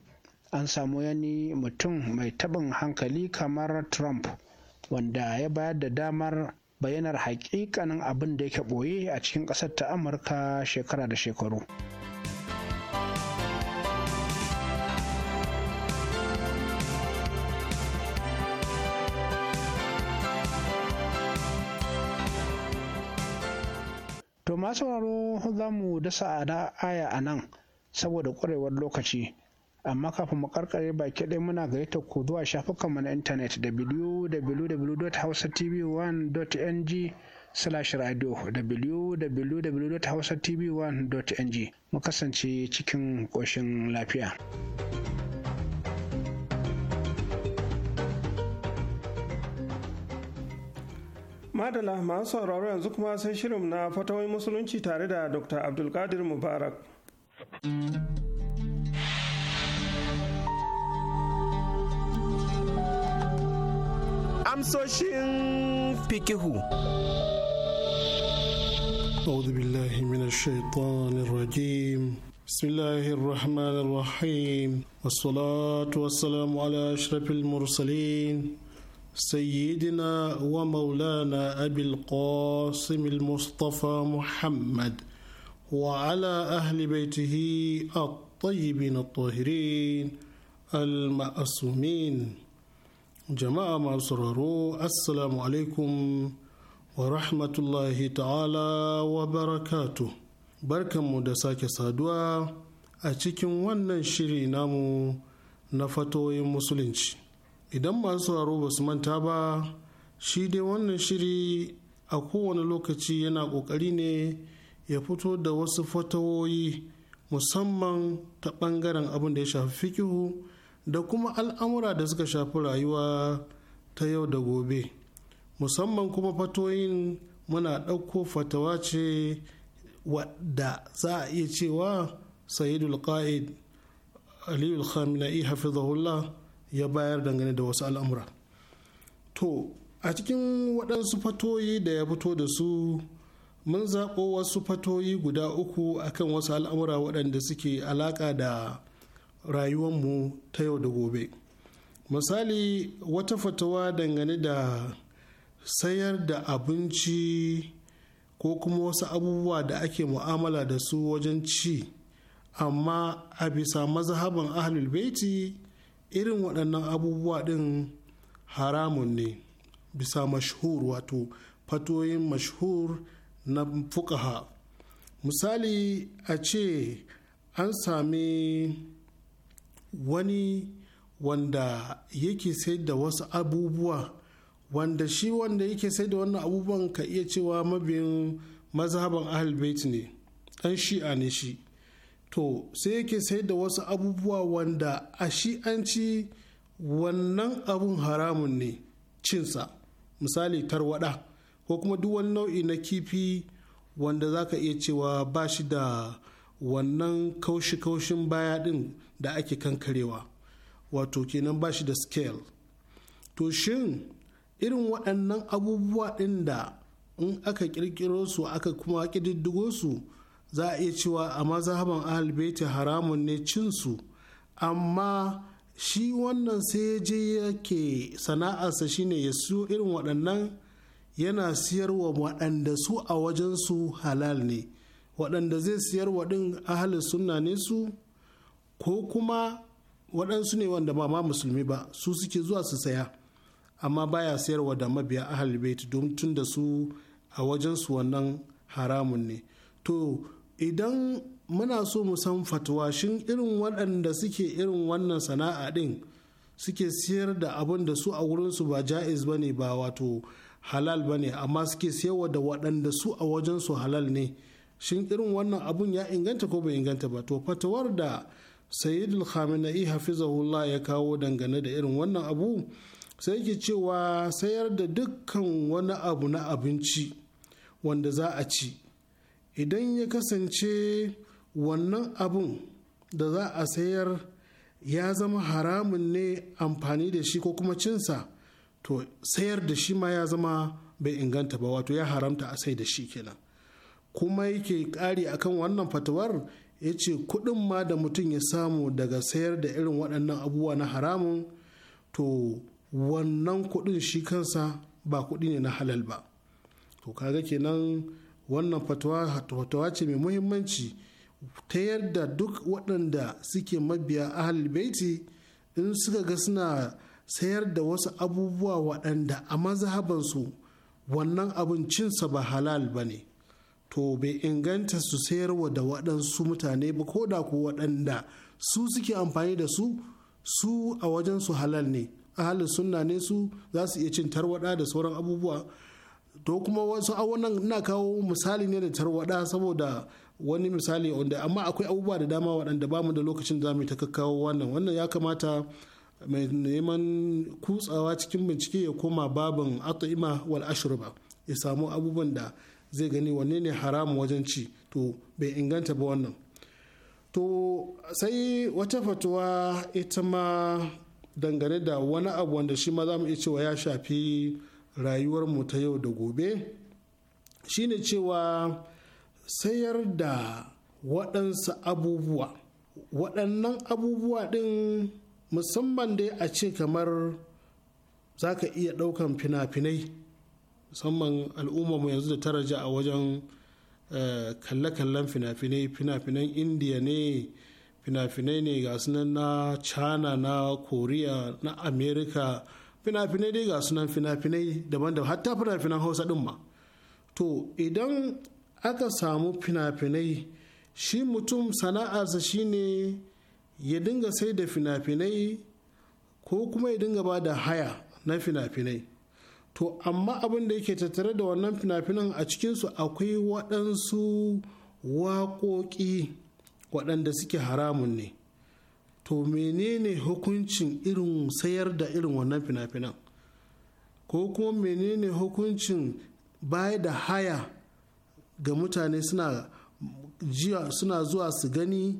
an samu yani mutum mai taɓin hankali kamar trump wanda ya bayar da damar bayanar haƙiƙanin abin da yake ɓoye a cikin ƙasar ta amurka shekara da shekaru. To masu sauraro za mu dasa a aya a nan saboda ƙwarewar lokaci. Amma kafin mu karkare baki ɗaya muna gaita ku zuwa shafukanmu na intanet www.hausatv1.ng slash radio www.hausatv1.ng mu kasance cikin ƙoshin lafiya. madala masu sauraro yanzu kuma sai shirin na fatawai musulunci tare da dr abdulkadir mubarak amsoshin fikihu أعوذ بالله من الشيطان الرجيم بسم الله الرحمن الرحيم والصلاة والسلام على أشرف المرسلين سيدنا ومولانا أبي القاسم المصطفى محمد وعلى أهل بيته الطيبين الطاهرين المأسومين جماعة مصررو السلام عليكم ورحمة الله تعالى وبركاته بركة مدساك سادوا أتكم وننشري نامو نفتوي مسلمين idan masu sauraro ba su manta ba shi dai wannan shiri a kowane lokaci yana ƙoƙari ne ya fito da wasu fatawoyi musamman ta bangaren abin da ya shafi fikihu da kuma al'amura da suka shafi rayuwa ta yau da gobe musamman kuma fatoyin muna ɗauko fatawa ce wadda za a iya cewa sayidul qa'id aliyul khamina'i hafizahullah ya bayar dangane da wasu al'amura to a cikin waɗansu fatoyi da ya fito da su mun zaɓo wasu fatoyi guda uku a kan wasu al'amura waɗanda suke alaƙa da rayuwanmu ta yau da gobe misali wata fatawa dangane da sayar da abinci ko kuma wasu abubuwa da ake mu'amala da su wajen ci amma a bisa mazhaban ahlul baiti irin waɗannan abubuwa ɗin haramun ne bisa mashhur wato fatoyin mashhur na fukaha misali a ce an sami wani wanda yake sai da wasu abubuwa wanda shi wanda yake sai da wannan abubuwan ka iya cewa mabiyin mazhaban ahalbait ne ɗan shi'a ne shi to sai yake sayar da wasu abubuwa wanda a ci wannan abun haramun ne cinsa misali tarwada ko kuma duk wani nau'i na kifi wanda za ka iya cewa ba shi da wannan kaushi-kaushin baya din da ake kankarewa wato kenan ba shi da scale to shin irin waɗannan abubuwa ɗin da in aka ƙirƙirosu su aka kuma ƙididdigo su za a iya cewa a mazhaban ahalbeta haramun ne cinsu amma shi wannan sai je yake sana'arsa shine ya siyo irin waɗannan yana siyarwa waɗanda su a wajensu halal ne waɗanda zai siyarwa ɗin ahalin sunna ne su ko kuma waɗansu ne wanda ba ma musulmi ba su suke zuwa su saya amma baya sayarwa da mabiya ahalbeta domin tun da su a wajensu wannan haramun ne to idan muna so mu san fatwa shin irin waɗanda suke irin wannan sana'a ɗin suke siyar da abin da su a wurinsu ba ja'iz ba ba wato halal ba ne amma suke siyarwa da waɗanda su a wajensu halal ne shin irin wannan abun ya inganta ko bai inganta ba to fatawar da sayyidul khamenei hafizahullah ya kawo dangane da irin wannan abu sai ke cewa sayar da dukkan wani abu na abinci wanda za a ci idan ya kasance wannan abun da za a sayar ya zama haramun ne amfani da shi ko kuma cinsa to sayar da shi ma ya zama bai inganta ba wato ya haramta a sai da shi kenan kuma yake ƙari akan wannan fatawar ya ce kuɗin ma da mutum ya samu daga sayar da irin waɗannan abubuwa na haramun to wannan kuɗin shi kansa ba kuɗi ne na halal ba to kaga kenan wannan fatawa ce mai muhimmanci ta yadda duk waɗanda suke mabiya ahalul baiti in suka ga suna sayar da wasu abubuwa waɗanda a mazhabansu wannan abin cinsa ba halal ba ne to bai inganta su sayarwa da waɗansu mutane ba ko da ko waɗanda su suke amfani da su su a wajen su halal ne ahalin sunna ne su za su iya cin tarwaɗa da sauran abubuwa to kuma wasu wannan ina kawo misali ne da tarwada saboda wani misali wanda amma akwai abubuwa da dama waɗanda ba mu da lokacin za mu ta kakkawo wannan wannan ya kamata mai neman kutsawa cikin bincike ya koma babin at'ima wal ashruba ya samu abubuwan da zai gani wanne ne haramu wajen ci to bai inganta ba wannan to sai wata fatuwa ita ma dangane da wani abu wanda shi ma za mu iya cewa ya shafi rayuwar mu ta yau da gobe shine cewa sayar da waɗansu abubuwa waɗannan abubuwa ɗin musamman dai a ce kamar za ka iya ɗaukan fina-finai musamman mu yanzu da taraja a wajen eh, kalle-kallen fina-finai fina-finan indiya ne fina-finai ne ga suna na china na korea na america fina-finai dai ga sunan fina-finai daban-daban hatta fina-finan hausa din ma to idan aka samu fina-finai shi mutum sana'arsa shine ya dinga sai da fina-finai ko kuma ya dinga ba da haya na fina-finai to amma abin da yake tattare da wannan fina-finan a cikinsu akwai waɗansu waƙoƙi waɗanda suke haramun ne to menene hukuncin irin sayar da irin wannan fina-finan ko kuma menene hukuncin baya da haya ga mutane suna jiya suna zuwa su gani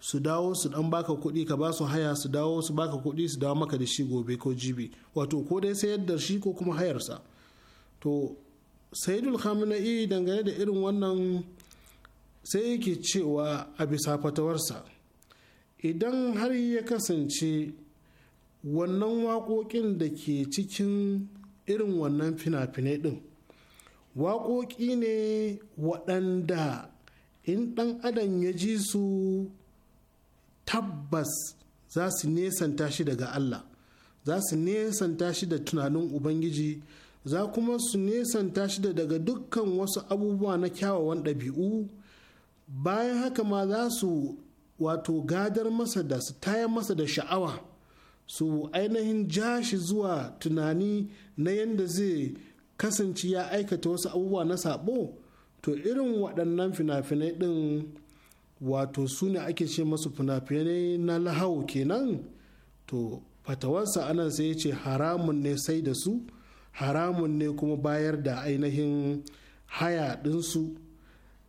su dawo su dan baka kuɗi ka ba su haya su dawo su baka kuɗi su dawo maka da shi gobe ko jibi wato ko dai sayar da shi ko kuma hayarsa to sayidul khamenei dangane da irin wannan sai yake cewa a bisa fatawarsa idan har ya kasance wannan waƙoƙin da ke cikin irin wannan fina-finai ɗin waƙoƙi ne waɗanda in ɗan adam ya ji su tabbas za su nesanta shi daga Allah za su nesanta shi da tunanin Ubangiji za kuma su nesanta shi da daga dukkan wasu abubuwa na kyawawan ɗabi'u bayan haka ma za su wato gadar masa da su tayar masa da sha'awa su ainihin jashi zuwa tunani na yadda zai kasance ya aikata wasu abubuwa na sabo to irin waɗannan fina-finai ɗin wato su ne ake ce masu fina-finai na lahawo kenan to fatawarsa anan sai ya ce haramun ne sai da su haramun ne kuma bayar da ainihin haya ɗinsu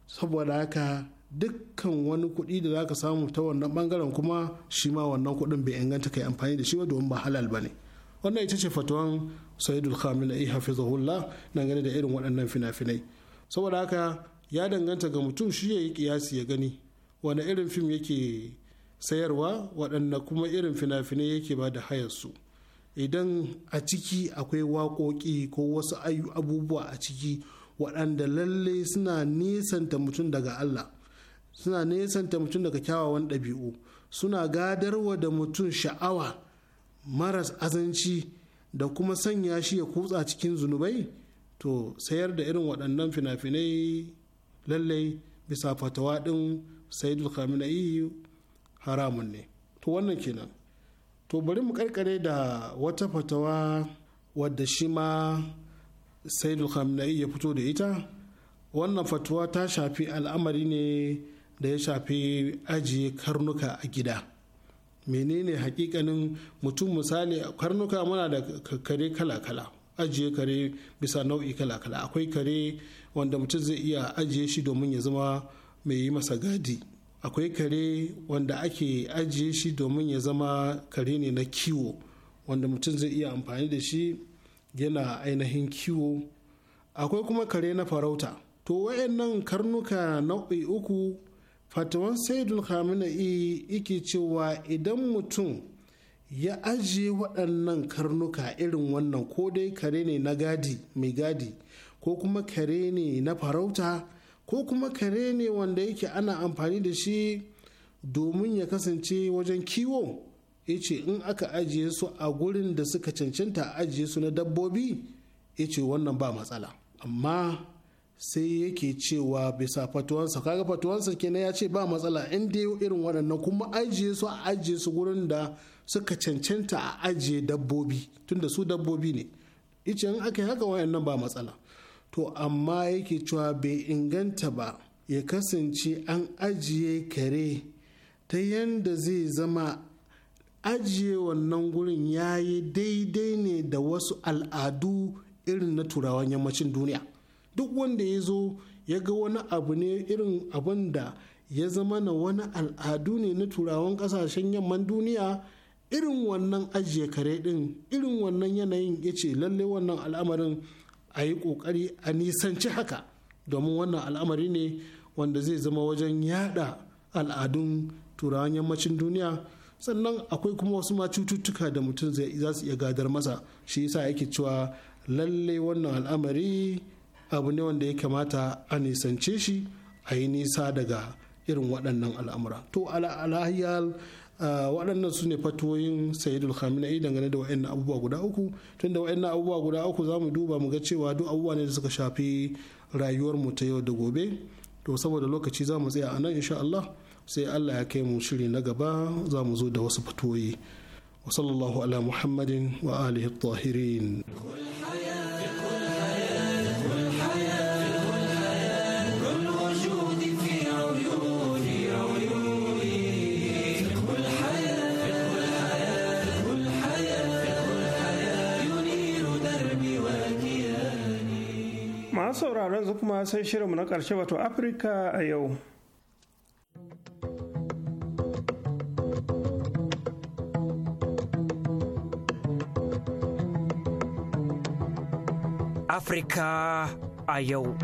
saboda haka dukkan wani kuɗi da za ka samu ta wannan bangaren kuma shi ma wannan kuɗin bai inganta kai amfani da shi ba domin ba halal ba ne wannan ita ce fatuwan saidul khamil ai hafizahullah dangane da irin waɗannan fina-finai saboda haka ya danganta ga mutum shi ya yi kiyasi ya gani wani irin fim yake sayarwa waɗanne kuma irin fina-finai yake ba da hayarsu idan a ciki akwai waƙoƙi ko wasu abubuwa a ciki waɗanda lallai suna nisanta mutum daga allah suna nesanta mutum daga kyawawan ɗabi'u suna gadarwa da mutum sha'awa maras azanci da kuma sanya shi ya kutsa cikin zunubai to sayar da irin waɗannan fina-finai lallai bisa fatawa ɗin sayidul khamenei haramun ne to wannan kenan to bari mu karkare da wata fatawa wadda shi ma sayidul khamenei ya fito da ita wannan fatawa ta shafi al'amari ne da ya shafi ajiye karnuka a gida menene hakikanin mutum misali karnuka muna da kare kala-kala ajiye kare bisa nau'i kala-kala akwai kare wanda mutum zai iya ajiye shi domin ya zama mai yi masa gadi akwai kare wanda ake ajiye shi domin ya zama kare ne na kiwo wanda mutum zai iya amfani da shi yana ainihin kiwo akwai kuma kare na farauta to wayannan karnuka nau'i uku fatawan saidul khamenei yake cewa idan mutum ya ajiye waɗannan karnuka irin wannan ko dai kare ne na gadi mai gadi ko kuma kare ne na farauta ko kuma kare ne wanda yake ana amfani da shi domin ya kasance wajen kiwo ya ce in aka ajiye su a gurin da suka cancanta ajiye su na dabbobi ya ce wannan ba matsala amma sai yake cewa bisa fatuwansa kaga fatuwansa kenan ya ce ba matsala inda dai irin waɗannan kuma ajiye su a ajiye su gurin da suka cancanta a ajiye dabbobi tunda su dabbobi ne ice in aka yi haka wayannan ba matsala to amma yake cewa bai inganta ba ya kasance an ajiye kare ta yanda zai zama ajiye wannan gurin ya yi daidai ne da wasu al'adu irin na turawan yammacin duniya duk wanda ya zo ya ga wani abu ne irin abin da ya zama na wani al'adu ne na turawan kasashen yamman duniya irin wannan ajiye kare din irin wannan yanayin ya ce lalle wannan al'amarin a yi kokari a nisanci haka domin wannan al'amari ne wanda zai zama wajen yada al'adun turawan yammacin duniya sannan akwai kuma wasu ma cututtuka da mutum za su iya gadar masa shi yasa yake cewa lalle wannan al'amari abu ne wanda ya kamata a nisance shi a yi nisa daga irin waɗannan al'amura to alahiyar waɗannan su ne fatoyin sayidul khamenei dangane da wa'in abubuwa guda uku tun da wa'in abubuwa guda uku za mu duba mu ga cewa duk abubuwa ne da suka shafi rayuwar mu ta yau da gobe to saboda lokaci za mu tsaya a nan insha Allah sai Allah ya kai mu shiri na gaba za mu zo da wasu fatoyi wa sallallahu ala muhammadin wa alihi tahirin sauraron su kuma sai shirinmu na ƙarshe wato afirka a yau afirka a yau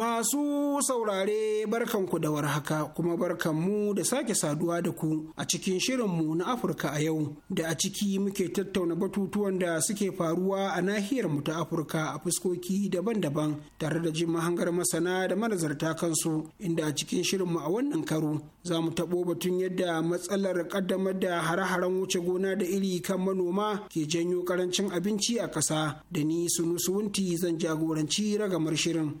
Masu saurare barkanku da warhaka kuma barkanmu da sake saduwa da ku a cikin shirinmu na Afirka a yau da a ciki muke tattauna batutuwan da suke faruwa a nahiyar mu ta Afirka a fuskoki daban-daban tare da jin mahangar masana da manazarta kansu inda a cikin shirinmu a wannan karo za mu taɓo batun yadda matsalar ƙaddamar da hare-haren wuce gona da iri kan manoma ke janyo ƙarancin abinci a ƙasa da ni sunusuwunti zan jagoranci ragamar shirin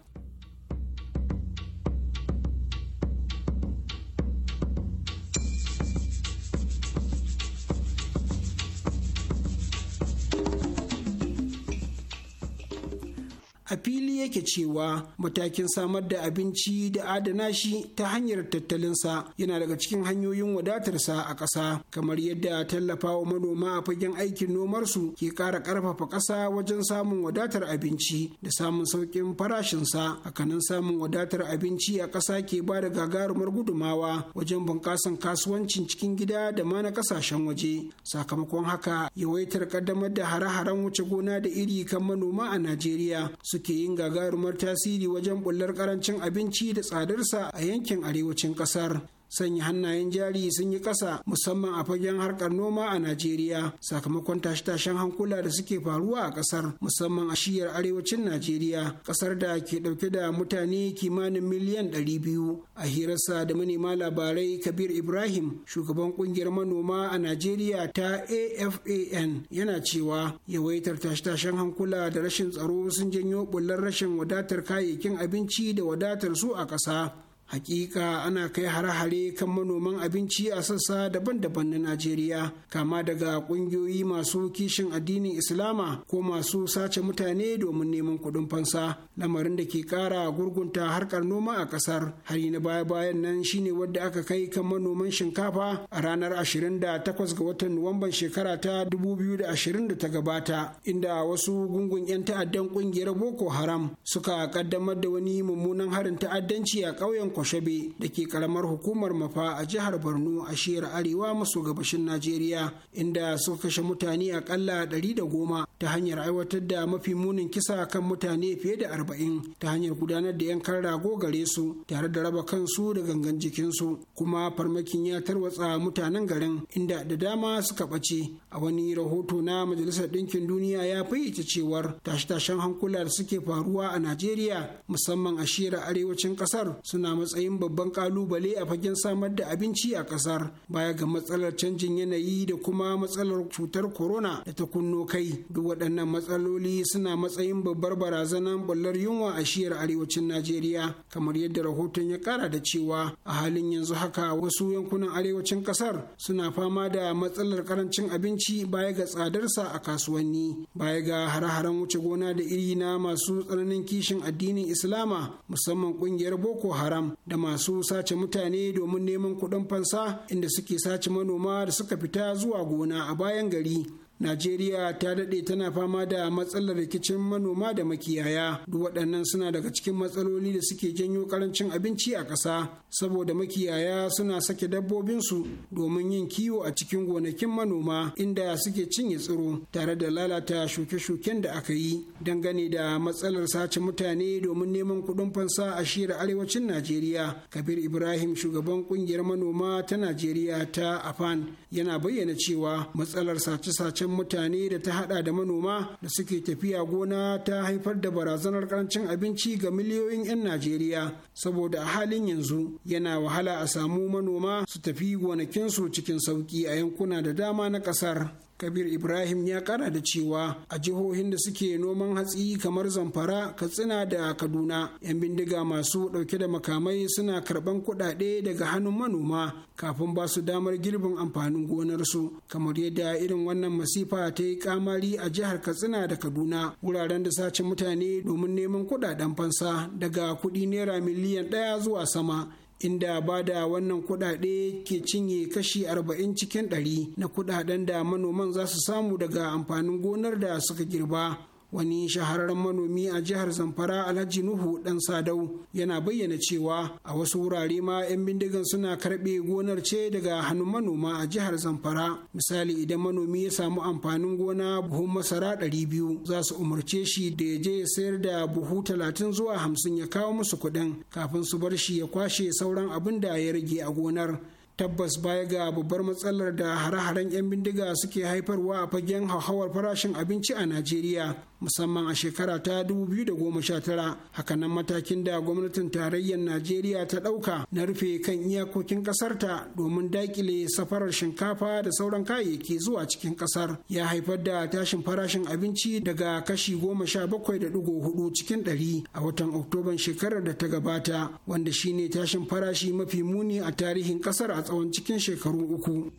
yake cewa matakin samar da abinci da adana shi ta hanyar tattalinsa yana daga cikin hanyoyin wadatarsa a ƙasa kamar yadda tallafawa manoma a fagen aikin nomarsu ke ƙara ƙarfafa ƙasa wajen samun wadatar abinci da samun sauƙin farashinsa hakanan samun wadatar abinci a ƙasa ke ba da gagarumar gudumawa wajen bunƙasan kasuwancin cikin gida da ma na ƙasashen waje sakamakon haka yawaitar ƙaddamar da hare-haren wuce gona da iri kan manoma a najeriya suke yin gagarumar tasiri wajen bullar karancin abinci da tsadarsa a yankin arewacin kasar sanya hannayen jari sun yi ƙasa musamman a fagen harkar noma a Najeriya sakamakon tashe-tashen hankula da suke faruwa a ƙasar musamman a shiyar arewacin Najeriya ƙasar da ke ɗauke da mutane kimanin miliyan ɗari biyu a hirarsa da manema labarai Kabir Ibrahim shugaban ƙungiyar manoma a Najeriya ta AFAN yana cewa yawaitar tashe-tashen hankula da rashin tsaro sun janyo bullar rashin wadatar kayayyakin abinci da wadatar su a ƙasa. hakika ana kai hare-hare kan manoman abinci a sassa daban-daban na najeriya kama daga kungiyoyi masu kishin addinin islama ko masu sace mutane domin neman kuɗin fansa lamarin da ke ƙara gurgunta harkar noma a ƙasar hari na baya-bayan nan shine wadda aka kai kan manoman shinkafa a ranar 28 ga watan nuwamban shekara ta 2020 ta gabata inda wasu gungun 'yan ta'addan kungiyar boko haram suka kaddamar da wani mummunan harin ta'addanci a ƙauyen kwashebe da ke karamar hukumar mafa a jihar borno a shiyar arewa maso gabashin najeriya inda suka kashe mutane akalla ɗari da goma ta hanyar aiwatar da mafi munin kisa kan mutane fiye da arba'in ta hanyar gudanar da yankan rago gare su tare da raba kansu da gangan jikinsu kuma farmakin ya tarwatsa mutanen garin inda da dama suka ɓace a wani rahoto na majalisar ɗinkin duniya ya fayyace cewar tashe-tashen hankula da suke faruwa a najeriya musamman a shiyar arewacin ƙasar suna matsayin babban kalubale a fagen samar da abinci a kasar baya ga matsalar canjin yanayi da kuma matsalar cutar corona da ta kunno kai duk waɗannan matsaloli suna matsayin babbar barazanar bullar yunwa a shiyar arewacin najeriya kamar yadda rahoton ya kara da cewa a halin yanzu haka wasu yankunan arewacin kasar suna fama da matsalar karancin abinci baya ga tsadarsa a kasuwanni baya ga hare-haren wuce gona da iri na masu tsananin kishin addinin islama musamman kungiyar boko haram da masu sace mutane domin neman kuɗin fansa inda suke sace manoma da suka fita zuwa gona a bayan gari najeriya ta daɗe tana fama da matsalar rikicin manoma da makiyaya duk waɗannan suna daga cikin matsaloli da suke janyo karancin abinci a ƙasa saboda makiyaya suna sake dabbobinsu domin yin kiwo a cikin gonakin manoma inda suke cinye tsiro tare da lalata shuke-shuken da aka yi dangane da matsalar sace mutane domin neman kuɗin fansa a shirar arewacin najeriya kabir ibrahim shugaban ƙungiyar manoma ta najeriya ta afan yana bayyana cewa matsalar sace sace mutane da ta hada da manoma da suke tafiya gona ta haifar da barazanar ƙarancin abinci ga miliyoyin 'yan Najeriya saboda a halin yanzu yana wahala a samu manoma su tafi gonakinsu cikin sauƙi a yankuna da dama na ƙasar. kabir ibrahim ya kara da cewa a jihohin da suke noman hatsi kamar zamfara katsina da kaduna yan bindiga masu dauke da makamai suna karban kudade daga hannun manoma kafin ba su damar girbin amfanin gonarsu kamar yadda irin wannan masifa ta yi kamari a jihar katsina da kaduna wuraren da sace mutane domin neman kudaden fansa daga kudi naira miliyan daya zuwa sama inda ba da wannan kuɗaɗe ke cinye kashi 40 cikin 100 na kuɗaɗen da manoman za su samu daga amfanin gonar da suka girba wani shahararren manomi a jihar zamfara alhaji nuhu dan sadau yana bayyana cewa a wasu wurare ma 'yan bindigan suna karɓe gonar ce daga hannun manoma a jihar zamfara misali idan manomi ya samu amfanin gona buhun masara ɗari biyu, za su umarce shi da ya je ya sayar da buhu talatin zuwa hamsin ya kawo musu kuɗin kafin su bar shi ya kwashe sauran abin da ya rage a gonar tabbas baya ga babbar matsalar da hare-haren 'yan bindiga suke haifarwa a fagen hauhawar farashin abinci a najeriya musamman a shekara ta 2019 hakanan matakin da gwamnatin tarayyar najeriya ta ɗauka na rufe kan iyakokin ƙasarta domin daƙile safarar shinkafa da sauran kayayyaki zuwa cikin ƙasar ya haifar da tashin farashin abinci daga kashi 17.4 cikin 100 a watan oktoban shekarar da ta gabata wanda shine tashin farashi mafi muni a tarihin ƙasar a tsawon cikin shekaru uku.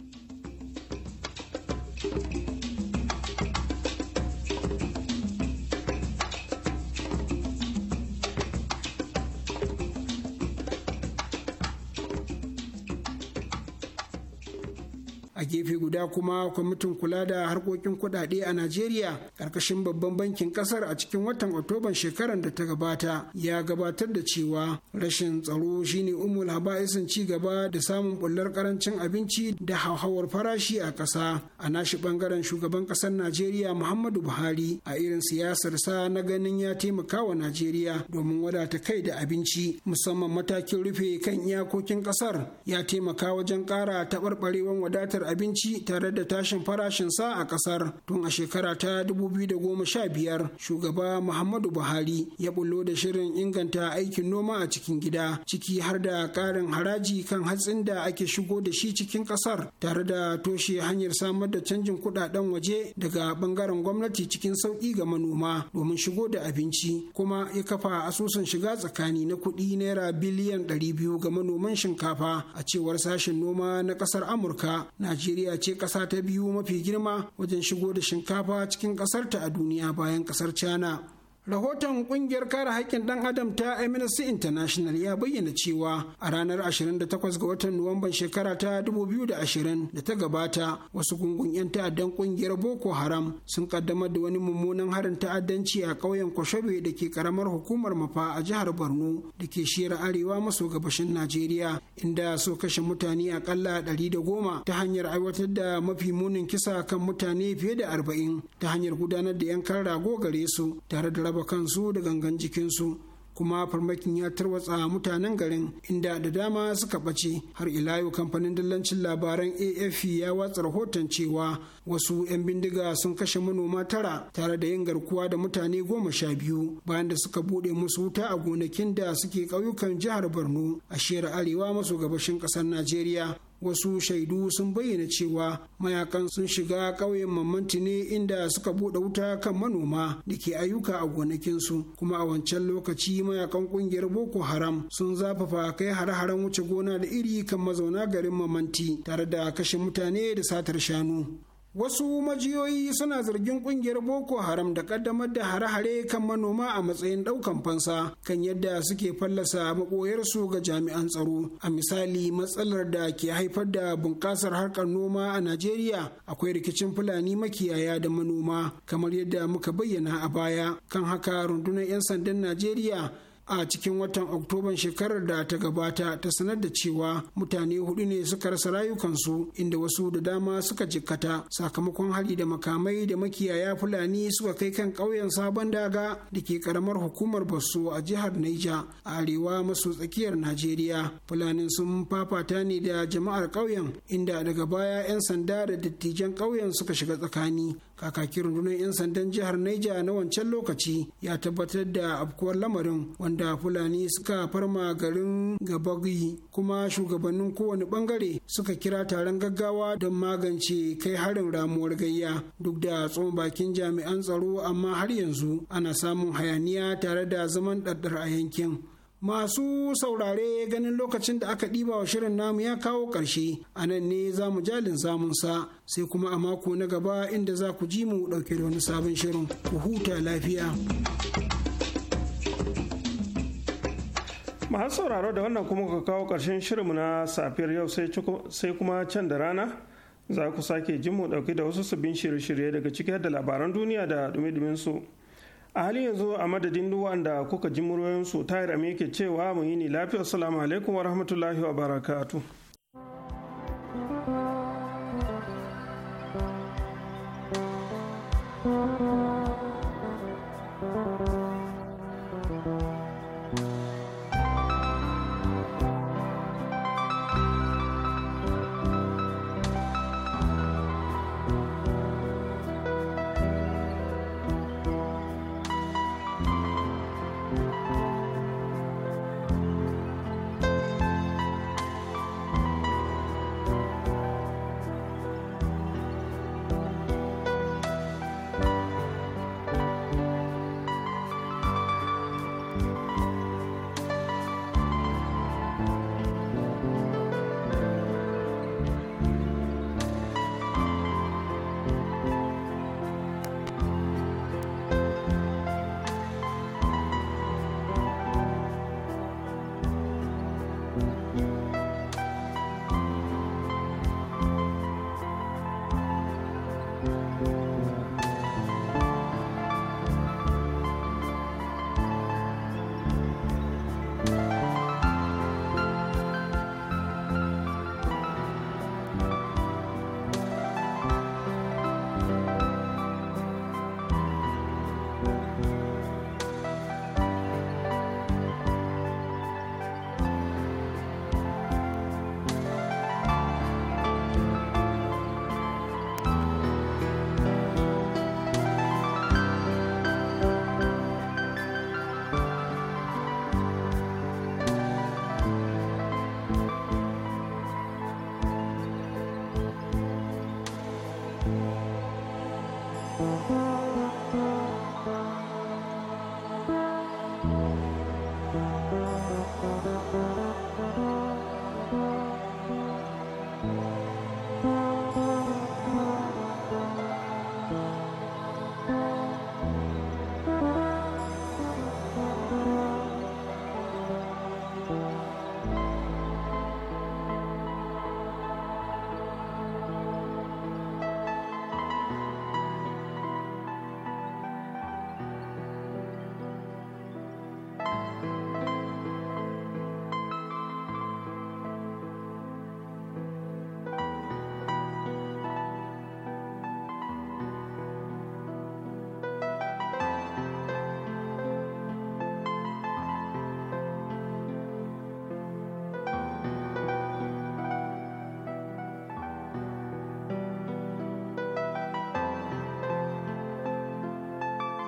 gefe guda kuma kwamitin kula da harkokin kuɗaɗe a najeriya ƙarƙashin babban bankin ƙasar a cikin watan oktoban shekarar da ta gabata ya gabatar da cewa rashin tsaro shine umul haba'isin ci gaba da samun bullar ƙarancin abinci da hauhawar farashi a ƙasa a nashi ɓangaren shugaban ƙasar najeriya muhammadu buhari a irin siyasar sa na ganin ya taimaka wa najeriya domin wadata kai da abinci musamman matakin rufe kan iyakokin ƙasar ya taimaka wajen ƙara taɓarɓarewan wadatar abinci abinci tare da tashin farashinsa a ƙasar tun a shekara ta 2015 shugaba muhammadu buhari ya bullo da shirin inganta aikin noma a cikin gida ciki har da ƙarin haraji kan hatsin da ake shigo da shi cikin ƙasar tare da toshe hanyar samar da canjin kuɗaɗen waje daga ɓangaren gwamnati cikin sauƙi ga manoma domin shigo da abinci kuma ya kafa asusun shiga tsakani na kuɗi naira biliyan 200 ga manoman shinkafa a cewar sashen noma na ƙasar amurka najeriya najeriya ce ƙasa ta biyu mafi girma wajen shigo da shinkafa cikin ƙasarta a duniya bayan ƙasar china Rahoton kungiyar kare haƙƙin ɗan adam ta Amnesty International ya bayyana cewa a ranar 28 ga watan Nuwamban shekara ta 2020 da ta gabata wasu gungun 'yan ta'addan kungiyar Boko Haram sun kaddamar da wani mummunan harin ta'addanci a ƙauyen Kwashobe da ke karamar hukumar Mafa a jihar Borno da ke shira arewa maso gabashin Najeriya inda su kashe mutane akalla goma ta hanyar aiwatar da mafi munin kisa kan mutane fiye da arba'in ta hanyar gudanar da yankan rago gare su tare da rarraba kansu da gangan jikinsu kuma farmakin ya tarwatsa mutanen garin inda da dama suka ɓace har ila kamfanin dillancin labaran afp ya watsa rahoton cewa wasu 'yan bindiga sun kashe manoma tara tare da yin garkuwa da mutane goma sha biyu bayan da suka buɗe musu wuta a gonakin da suke ƙauyukan jihar borno a shera arewa maso gabashin ƙasar najeriya wasu shaidu sun bayyana cewa mayakan sun shiga ƙauyen mamanti ne inda suka buɗe wuta kan manoma da ke ayyuka a gonakinsu kuma a wancan lokaci mayakan ƙungiyar boko haram sun zafafa kai hare-haren wuce gona da iri kan mazauna garin mamanti tare da kashe mutane da satar shanu Wasu majiyoyi suna zargin kungiyar Boko Haram da kaddamar da hare-hare kan manoma a matsayin ɗaukan fansa kan yadda suke fallasa maɓoyarsu ga jami'an tsaro. A misali matsalar da ke haifar da bunƙasar harkar noma a Najeriya akwai rikicin Fulani makiyaya da manoma kamar yadda muka bayyana a baya. Kan haka rundunar 'yan sandan Najeriya a cikin watan oktoban shekarar da ta gabata ta sanar da cewa mutane hudu ne suka rasa rayukansu inda wasu da dama suka jikkata sakamakon hali da makamai da makiyaya fulani suka kai kan ƙauyen sabon daga da ke karamar hukumar basso a jihar naija arewa maso tsakiyar najeriya fulani sun fafata ne da jama'ar ƙauyen inda daga baya 'yan sanda da dattijan ƙauyen suka shiga tsakani kakakin rundunar 'yan sandan jihar naija na wancan lokaci ya tabbatar da afkuwar lamarin wanda fulani suka farma garin gabagi kuma shugabannin kowane bangare suka kira taron gaggawa don magance kai harin ramuwar gayya duk da tsohon bakin jami'an tsaro amma har yanzu ana samun hayaniya tare da zaman ɗaɗɗar a yankin masu saurare ganin lokacin da aka ɗiba wa shirin namu ya kawo ƙarshe a nan ne za mu jalin samunsa sai kuma a mako na gaba inda za ku ji mu ɗauke da wani sabon shirin ku huta lafiya. masu sauraro da wannan kuma ka kawo ƙarshen shirinmu na safiyar yau sai kuma can da rana za ku sake jin mu ɗauki da wasu sabbin shirye-shirye daga ciki da labaran duniya da dumi su a halin yanzu a madadin duk da kuka ji muryoyinsu tayar ke cewa mu yi ni lafiya assalamu alaikum wa rahmatullahi wa barakatu.